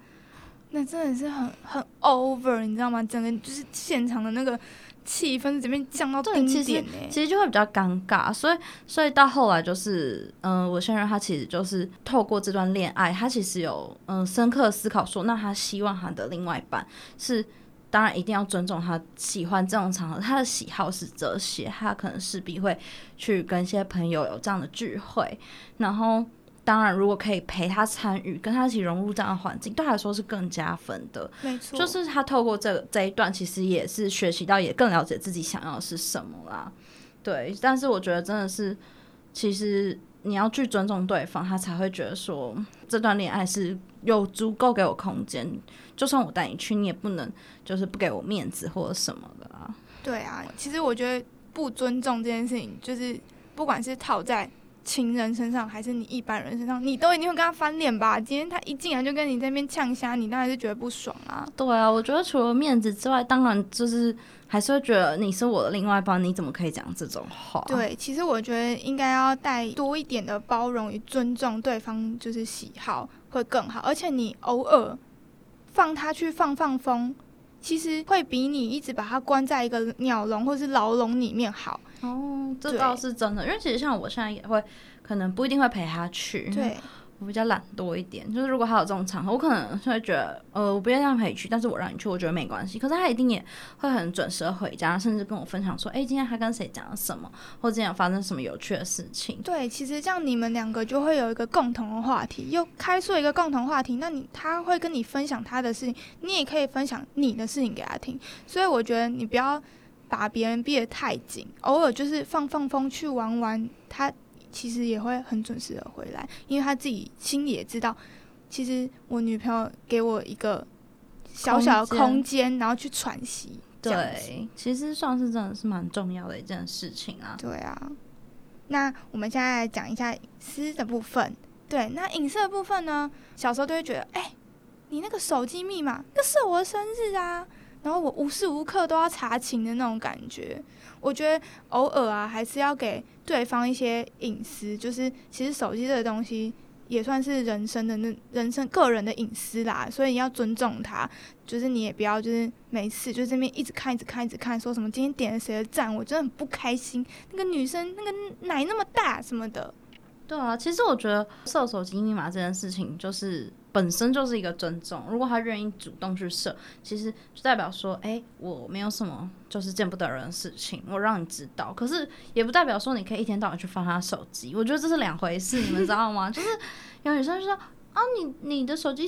那真的是很很 over，你知道嗎？整個就是現場的那個。氣氛這邊降到冰點。欸其實，其實就會比較尷尬。所以，所以到後來就是，嗯、呃，我先生他其實就是透過這段戀愛，他其實有嗯、呃、深刻思考說，說那他希望他的另外一半是，當然一定要尊重他喜歡這種場合，他的喜好是這些，他可能勢必會去跟一些朋友有這樣的聚會，然後。當然，如果可以陪他參與，跟他一起融入這樣的環境，對他來說是更加分的。沒錯，就是他透過這這一段，其實也是學習到，也更了解自己想要的是什麼啦。對，但是我覺得真的是，其實你要去尊重對方，他才會覺得說，這段戀愛是有足夠給我空間，就算我帶你去，你也不能就是不給我面子或者什麼的啦。對啊，其實我覺得不尊重這件事情，就是不管是套在。情人身上還是你一般人身上，你都一定會跟他翻臉吧？今天他一進來就跟你這邊嗆蝦，你當然是覺得不爽啊。對啊，我覺得除了面子之外，當然就是還是會覺得你是我的另外一半，你怎麼可以講這種話？對，其實我覺得應該要帶多一點的包容與尊重對方，就是喜好會更好。而且你偶爾放他去放放風，其實會比你一直把他關在一個鳥籠或是牢籠裡面好。哦，這倒是真的，因為其實像我現在也會，可能不一定會陪他去，因為我比較懶惰一點。就是如果他有這種場合，我可能就會覺得，呃，我不讓他陪你去，但是我讓你去，我覺得沒關係。可是他一定也會很準時回家，甚至跟我分享說，哎，今天他跟誰講了什麼，或者今天有發生什麼有趣的事情。對，其實這樣你們兩個就會有一個共同的話題，又開出一個共同話題。那你他會跟你分享他的事情，你也可以分享你的事情給他聽。所以我覺得你不要把別人逼得太緊，偶爾就是放放風去玩玩，他其實也會很準時的回來，因為他自己心裡也知道，其實我女朋友給我一個小小的空間，然後去喘息。對，其實算是真的是蠻重要的一件事情啊。對啊。那我們現在來講一下隱私的部分。對，那隱私的部分呢，小時候都會覺得，哎、欸，你那個手機密碼，那是我的生日啊。然後我無時無刻都要查勤的那種感覺，我覺得偶爾啊還是要給對方一些隱私。就是其實手機這個東西也算是人生的那人生個人的隱私啦，所以你要尊重他。就是你也不要就是每次就這邊一直看、一直看、一直看，說什麼今天點了誰的讚，我真的很不開心。那個女生那個奶那麼大什麼的。對啊，其實我覺得設手機密碼這件事情就是。本身就是一個尊重，如果他願意主動去設，其實就代表說，哎、欸，我沒有什麼就是見不得人的事情，我讓你知道。可是也不代表說你可以一天到晚去翻他手機，我覺得這是兩回事，你們知道嗎？ 就是有女生就說啊，你你的手機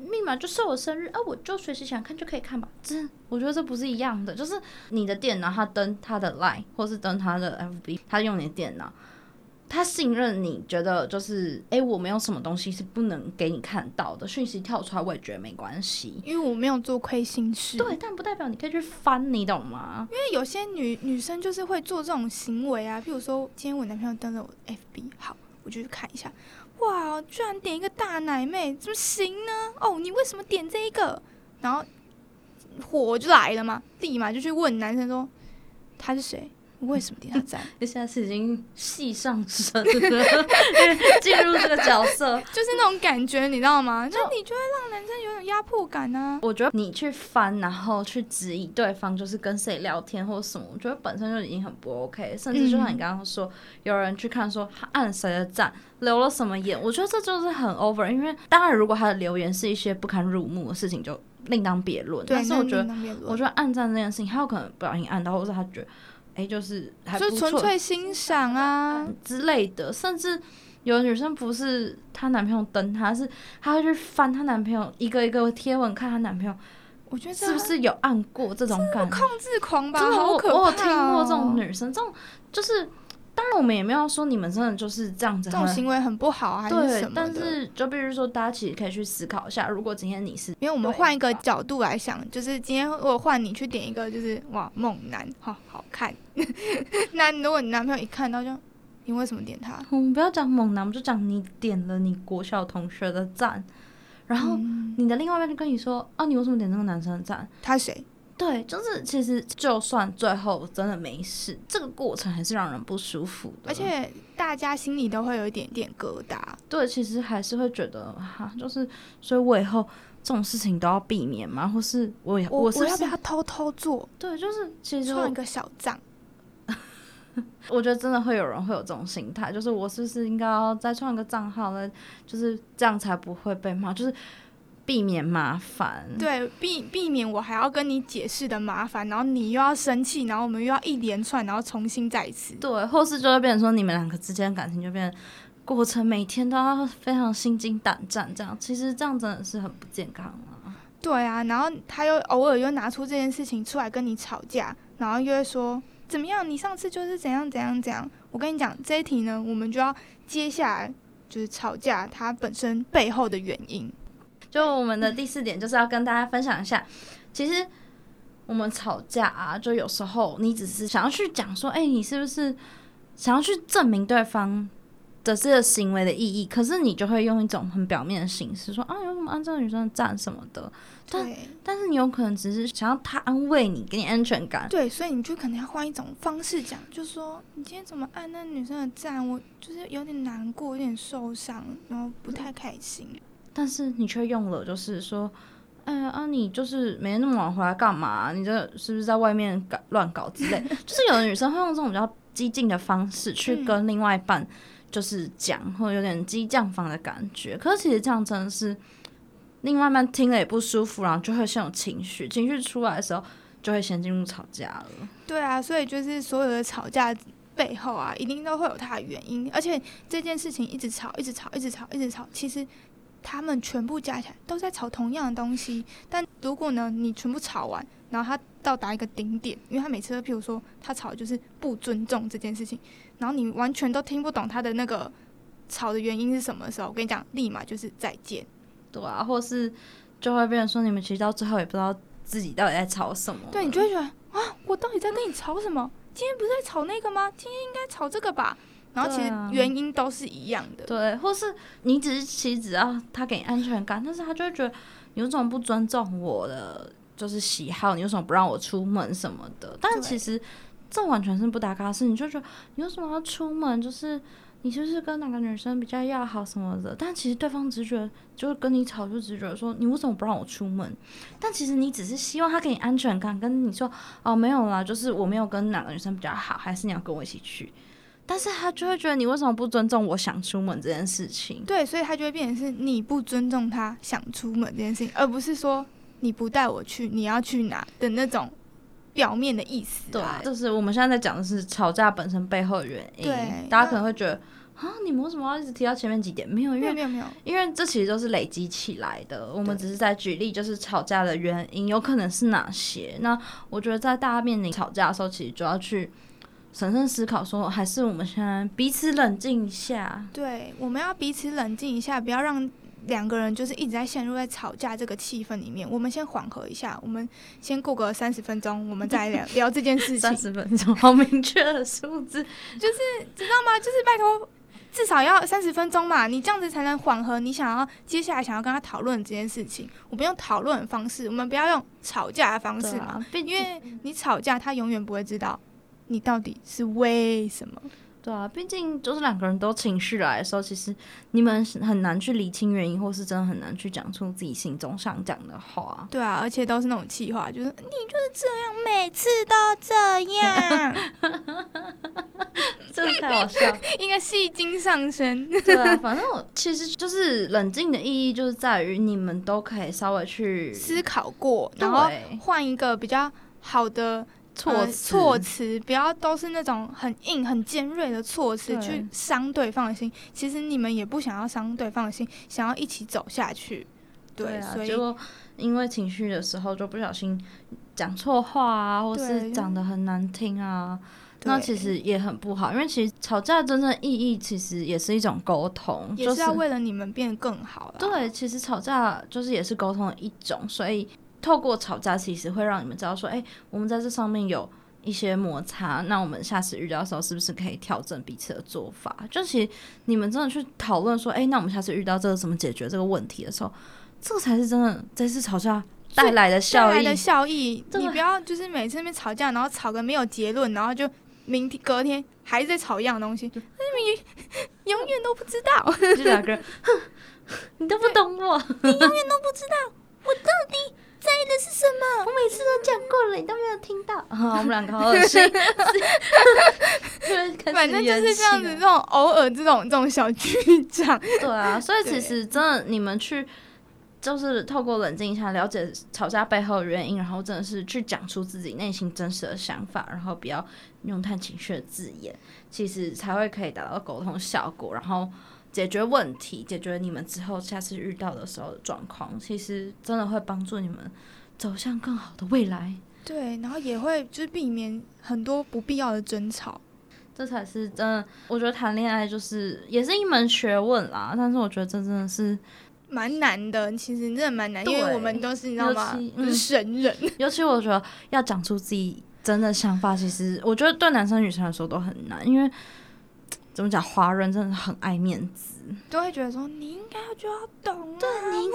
密碼就是我生日，啊，我就隨時想看就可以看吧。這我覺得這不是一樣的，就是你的電腦他登他的 LINE 或是登他的 FB，他用你的電腦。他信任你，覺得就是哎、欸，我沒有什麼東西是不能給你看到的。訊息跳出來，我也覺得沒關係，因為我沒有做虧心事。對，但不代表你可以去翻，你懂嗎？因為有些女女生就是會做這種行為啊，比如說今天我男朋友登了我的 FB，好，我就去看一下。哇，居然點一個大奶妹，怎麼行呢？哦，你為什麼點這一個？然後火就來了嘛，立馬就去問男生說他是誰？為什麼點讚？ 你現在是已經戲上身了， 進入這個角色， 就是那種感覺，你知道嗎？就你就會讓人家有種壓迫感呢、啊？我覺得你去翻，然後去質疑對方，就是跟誰聊天或者什麼，我覺得本身就已經很不 OK。甚至就像你剛剛說，有人去看說他按誰的讚，留了什麼言，我覺得這就是很 over。因為當然，如果他的留言是一些不堪入目的事情，就另當別論。但是我覺得我覺得按讚這件事情還有可能不小心按到，或者他覺得。欸、就是，就純粹欣賞啊之類的，甚至有的女生不是她男朋友登，她是她會去翻她男朋友一個一個貼文，看她男朋友，我覺得是不是有按過這種感覺，控制狂吧，真的，我、哦、我有聽過這種女生，這種就是。當然，我們也沒有說你們真的就是這樣子，這種行為很不好，啊，對。但是，就比如說，大家其實可以去思考一下，如果今天你是，因為我們換一個角度來想，就是今天如果換你去點一個，就是哇，猛男，好好看。 那如果你男朋友一看到就，你為什麼點他？們、嗯、不要講猛男，我們就講你點了你國小同學的讚，然後你的另外一半就跟你說，啊，你為什麼點那個男生的讚、嗯？他是誰？對，就是其實就算最後真的沒事，這個過程還是讓人不舒服的。而且大家心裡都會有一點點疙瘩。對，其實還是會覺得哈、啊，就是所以，我以後這種事情都要避免嘛，或是我我我要不要偷偷做？對，就是其實創一個小賬， 我覺得真的會有人會有這種心態，就是我是不是應該要再創一個賬號呢？就是這樣才不會被罵，就是。避免麻煩，對，避避免我還要跟你解釋的麻煩，然後你又要生氣，然後我們又要一連串，然後重新再一次，對，或是就會變成說你們兩個之間感情就變過程，每天都要非常心驚膽戰，這樣其實這樣真的是很不健康啊。對啊，然後他又偶爾又拿出這件事情出來跟你吵架，然後又會說怎麼樣？你上次就是怎樣怎樣怎樣。我跟你講，這一題呢，我們就要接下來就是吵架它本身背後的原因。就我們的第四點就是要跟大家分享一下、嗯，其實我們吵架啊，就有時候你只是想要去講說，哎、欸，你是不是想要去證明對方的這個行為的意義？可是你就會用一種很表面的形式說啊，有什麼按照女生的讚什麼的。對，但，但是你有可能只是想要他安慰你，給你安全感。對，所以你就可能要換一種方式講，就是說你今天怎麼按那女生的讚，我就是有點難過，有點受傷，然後不太開心。嗯。但是你卻用了，就是說，哎、欸、呀，啊、你就是每天那麼晚回來幹嘛、啊？你這是不是在外面搞亂搞之類？ 就是有的女生會用這種比較激進的方式去跟另外一半，就是講，或者有點激將法的感覺。可是其實這樣真的是另外一半聽了也不舒服，然後就會陷入情緒，情緒出來的時候就會先進入吵架了。對啊，所以就是所有的吵架背後啊，一定都會有它的原因。而且這件事情一直吵，一直吵，一直吵，一直吵，一直吵其實。他們全部加起來都在吵同樣的東西，但如果呢，你全部吵完，然後他到達一個頂點，因為他每次都譬如說他吵就是不尊重這件事情，然後你完全都聽不懂他的那個吵的原因是什麼的時候，我跟你講，立馬就是再見。對啊，或是就會變成說你們其實到最後也不知道自己到底在吵什麼，對，你就會覺得啊，我到底在跟你吵什麼？今天不是在吵那個嗎？今天應該吵這個吧？然後其實原因都是一樣的，對，啊對，或是你只是其實只要他給你安全感，但是他就會覺得你為什麼不尊重我的，就是喜好，你為什麼不讓我出門什麼的？但其實這完全是不搭嘎的事，你就覺得你為什麼要出門？就是你就是，是跟哪個女生比較要好什麼的？但其實對方直覺得就是跟你吵，就直覺說你為什麼不讓我出門？但其實你只是希望他給你安全感，跟你說哦沒有啦，就是我沒有跟哪個女生比較好，還是你要跟我一起去。但是他就會覺得你為什麼不尊重我想出門這件事情？對，所以他就會變成是你不尊重他想出門這件事情，而不是說你不帶我去，你要去哪的那種表面的意思啊。對，就是我們現在在講的是吵架本身背後的原因。對，大家可能會覺得啊，你們為什麼要一直提到前面幾點？沒有，因為沒有，沒有，因為這其實都是累積起來的。我們只是在舉例，就是吵架的原因有可能是哪些。那我覺得在大家面臨吵架的時候，其實就要去。審慎思考，說還是我們先彼此冷靜一下。對，我們要彼此冷靜一下，不要讓兩個人就是一直在陷入在吵架這個氣氛裡面。我們先緩和一下，我們先過個三十分鐘，我們再聊 聊這件事情。三十分鐘， 好明確的數字，就是知道嗎？就是拜托，至少要三十分鐘嘛，你這樣子才能緩和。你想要接下來想要跟他討論這件事情，我們用討論的方式，我們不要用吵架的方式嘛，啊、因為你吵架他永遠不會知道。你到底是為什麼？對啊，畢竟就是兩個人都情緒來的時候，其實你們是很難去理清原因，或是真的很難去講出自己心中想講的話。對啊，而且都是那種氣話，就是你就是這樣，每次都這樣， 真的太好笑， 應該戲精上身。對啊，反正我其實就是冷靜的意義，就是在於你們都可以稍微去思考過，然後換一個比較好的。嗯、措、嗯、措辭不要都是那種很硬，很尖銳的措辭去傷對方的心，其實你們也不想要傷對方的心，想要一起走下去。對，對啊，所以就因為情緒的時候就不小心講錯話啊，或是講得很難聽啊，那其實也很不好。因為其實吵架的真正意義其實也是一種溝通，就是要為了你們變得更好，就是、對，其實吵架就是也是溝通的一種，所以。透過吵架，其實會讓你們知道說，哎、欸，我們在這上面有一些摩擦，那我們下次遇到的時候，是不是可以調整彼此的做法？就其實你們真的去討論說，哎、欸，那我們下次遇到這個怎麼解決這個問題的時候，這個、才是真的這次吵架帶來的效益。來的效益，你不要就是每次那邊吵架，然後吵個沒有結論，然後就明天隔天還在吵一樣的東西，那你永遠都不知道。兩個人。哼，你都不懂我， 你永遠都不知道我到底。在意的是什麼？我每次都講過了，你都沒有聽到。我們兩個好噁心。反正就是這樣子，種 偶爾這種這種小劇場 對啊。所以其實真的，你們去就是透過冷靜一下，了解吵架背後的原因，然後真的是去講出自己內心真實的想法，然後不要用太情緒的字眼，其實才會可以達到溝通效果，然後，解決問題，解決你們之後下次遇到的時候的狀況，其實真的會幫助你們走向更好的未來。對，然後也會就是避免很多不必要的爭吵。這才是真的，我覺得談戀愛就是也是一門學問啦。但是我覺得這真的是蠻難的，其實真的蠻難，因為我們都是你知道嗎？嗯，神人。尤其我覺得要講出自己真的想法， 其實我覺得對男生女生來說都很難，因為。怎麼講？華人真的很愛面子，就會覺得說你應該就要懂、啊，對你應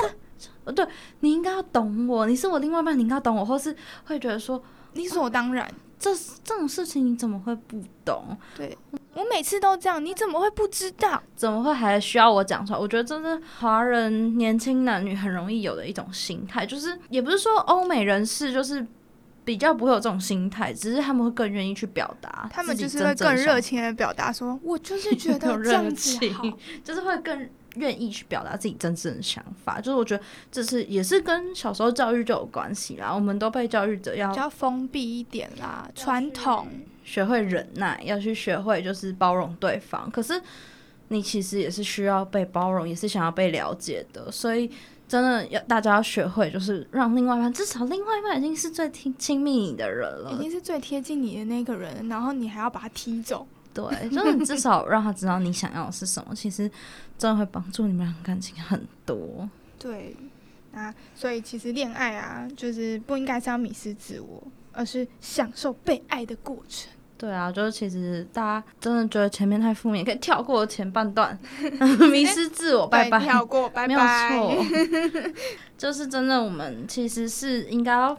該，對你應該要懂我，你是我另外一半，你應該要懂我，或是會覺得說理所當然，這這種事情你怎麼會不懂？對我每次都這樣，你怎麼會不知道？怎麼會還需要我講出來？我覺得這是華人年輕男女很容易有的一種心態，就是也不是說歐美人士就是。比較不會有這種心態，只是他們會更願意去表達，他們就是會更熱情的表達，說我就是覺得有熱情， 就是會更願意去表達自己真正的想法。就是我覺得這是也是跟小時候教育就有關係啦。我們都被教育者要比較封閉一點啦，傳統，學會忍耐，要去學會就是包容對方。可是你其實也是需要被包容，也是想要被了解的，所以。真的要大家要學會，就是讓另外一半。至少另外一半已經是最親親密你的人了，已經是最貼近你的那個人，然後你還要把他踢走，對，就是至少讓他知道你想要的是什麼， 其實真的會幫助你們感情很多。對那、啊、所以其實戀愛啊，就是不應該是要迷失自我，而是享受被愛的過程。對啊，就是其實大家真的覺得前面太負面，可以跳過前半段， 迷失自我， 拜拜，跳過，拜拜，沒有錯。 就是真的，我們其實是應該要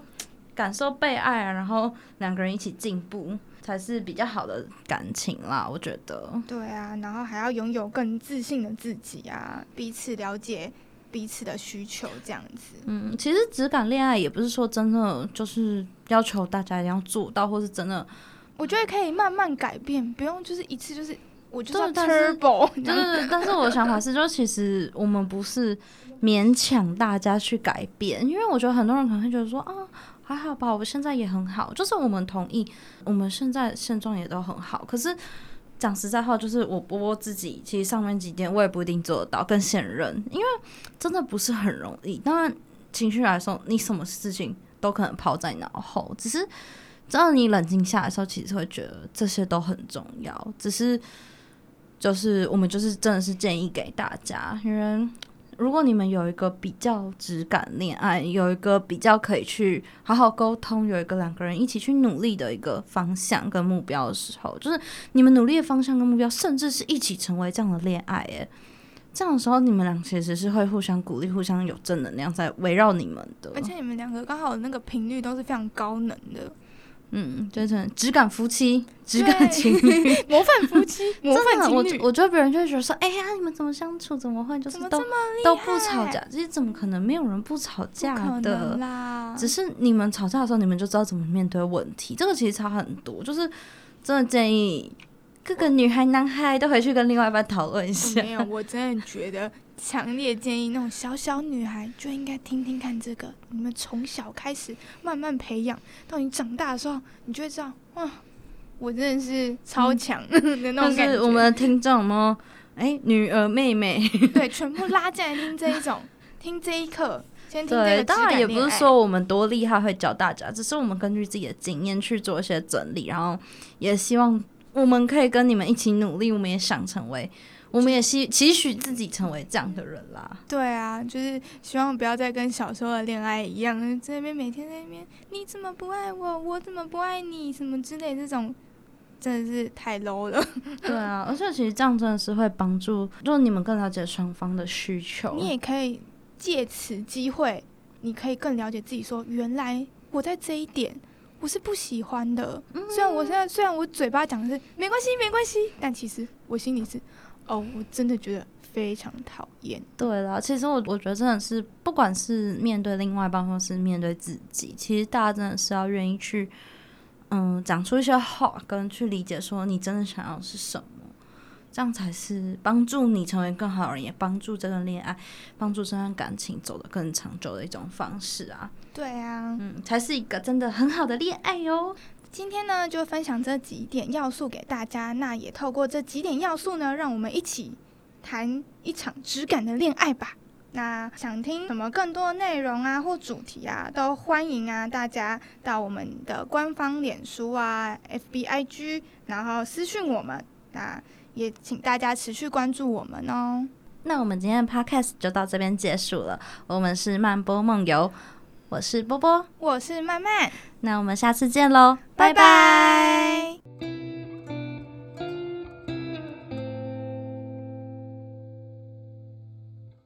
感受被愛，然後兩個人一起進步，才是比較好的感情啦。我覺得，對啊，然後還要擁有更自信的自己啊，彼此了解彼此的需求，這樣子。嗯，其實質感戀愛也不是說真的就是要求大家一定要做到，或是真的。我覺得可以慢慢改變，不用就是一次就是，我就得 turbo 對，就是 對，但是我的想法是，就其實我們不是勉強大家去改變，因為我覺得很多人可能會覺得說啊，還好，好吧，我現在也很好，就是我們同意，我們現在現狀也都很好。可是講實在話，就是我波波自己，其實上面幾點我也不一定做得到，更顯人，因為真的不是很容易。當然，情緒來說，你什麼事情都可能拋在腦後，只是。只要你冷靜下來的時候，其實會覺得這些都很重要。只是就是我們就是真的是建議給大家，因為如果你們有一個比較質感戀愛，有一個比較可以去好好溝通，有一個兩個人一起去努力的一個方向跟目標的時候，就是你們努力的方向跟目標，甚至是一起成為這樣的戀愛。誒，這樣的時候，你們倆其實是會互相鼓勵，互相有正能量在圍繞你們的。而且你們兩個剛好那個頻率都是非常高能的。嗯，對對，質感夫妻、質感情侶、模範夫妻、模範情侶真的，我我覺得別人就會覺得說，哎、欸、呀、啊，你們怎麼相處？怎麼會就是都麼麼都不吵架？這些怎麼可能沒有人不吵架的啦？只是你們吵架的時候，你們就知道怎麼面對問題。這個其實差很多，就是真的建議各個女孩男孩都回去跟另外一半討論一下。沒有，我真的覺得。強烈建議那種小小女孩就應該聽聽看這個，你們從小開始慢慢培養，到你長大的時候，你就會知道哇，我真的是超強的那種感覺、嗯、但是我們的聽眾們，哎、欸，女兒妹妹，對，全部拉進來聽這一種， 聽這一課，先聽這個質感戀愛。對，當然也不是說我們多厲害會教大家，只是我們根據自己的經驗去做一些整理，然後也希望我們可以跟你們一起努力，我們也想成為。我們也是期許自己成為這樣的人啦。對啊，就是希望不要再跟小時候的戀愛一樣，在那邊每天在那邊，你怎麼不愛我？我怎麼不愛你？什麼之類這種，真的是太 low 了。對啊，而且其實這樣真的是會幫助，就是你們更了解雙方的需求。你也可以借此機會，你可以更了解自己說，說原來我在這一點我是不喜歡的。嗯，雖然我現在雖然我嘴巴講的是沒關係沒關係，但其實我心裡是。哦，我真的覺得非常討厭。對啦，其實我我覺得真的是，不管是面對另外一半，或是面對自己，其實大家真的是要願意去，嗯，講出一些話，跟去理解說你真的想要的是什麼，這樣才是幫助你成為更好的人，也幫助這段戀愛，幫助這段感情走得更長久的一種方式啊。對啊，嗯，才是一個真的很好的戀愛喲。今天呢，就分享這幾點要素給大家。那也透過這幾點要素呢，讓我們一起談一場質感的戀愛吧。那想聽什麼更多內容啊，或主題啊，都歡迎啊大家到我們的官方臉書啊，FB IG，然後私訊我們。那也請大家持續關注我們哦。那我們今天的 Podcast 就到這邊結束了。我們是漫波夢遊。我是波波，我是漫漫，那我們下次見嘍，拜拜。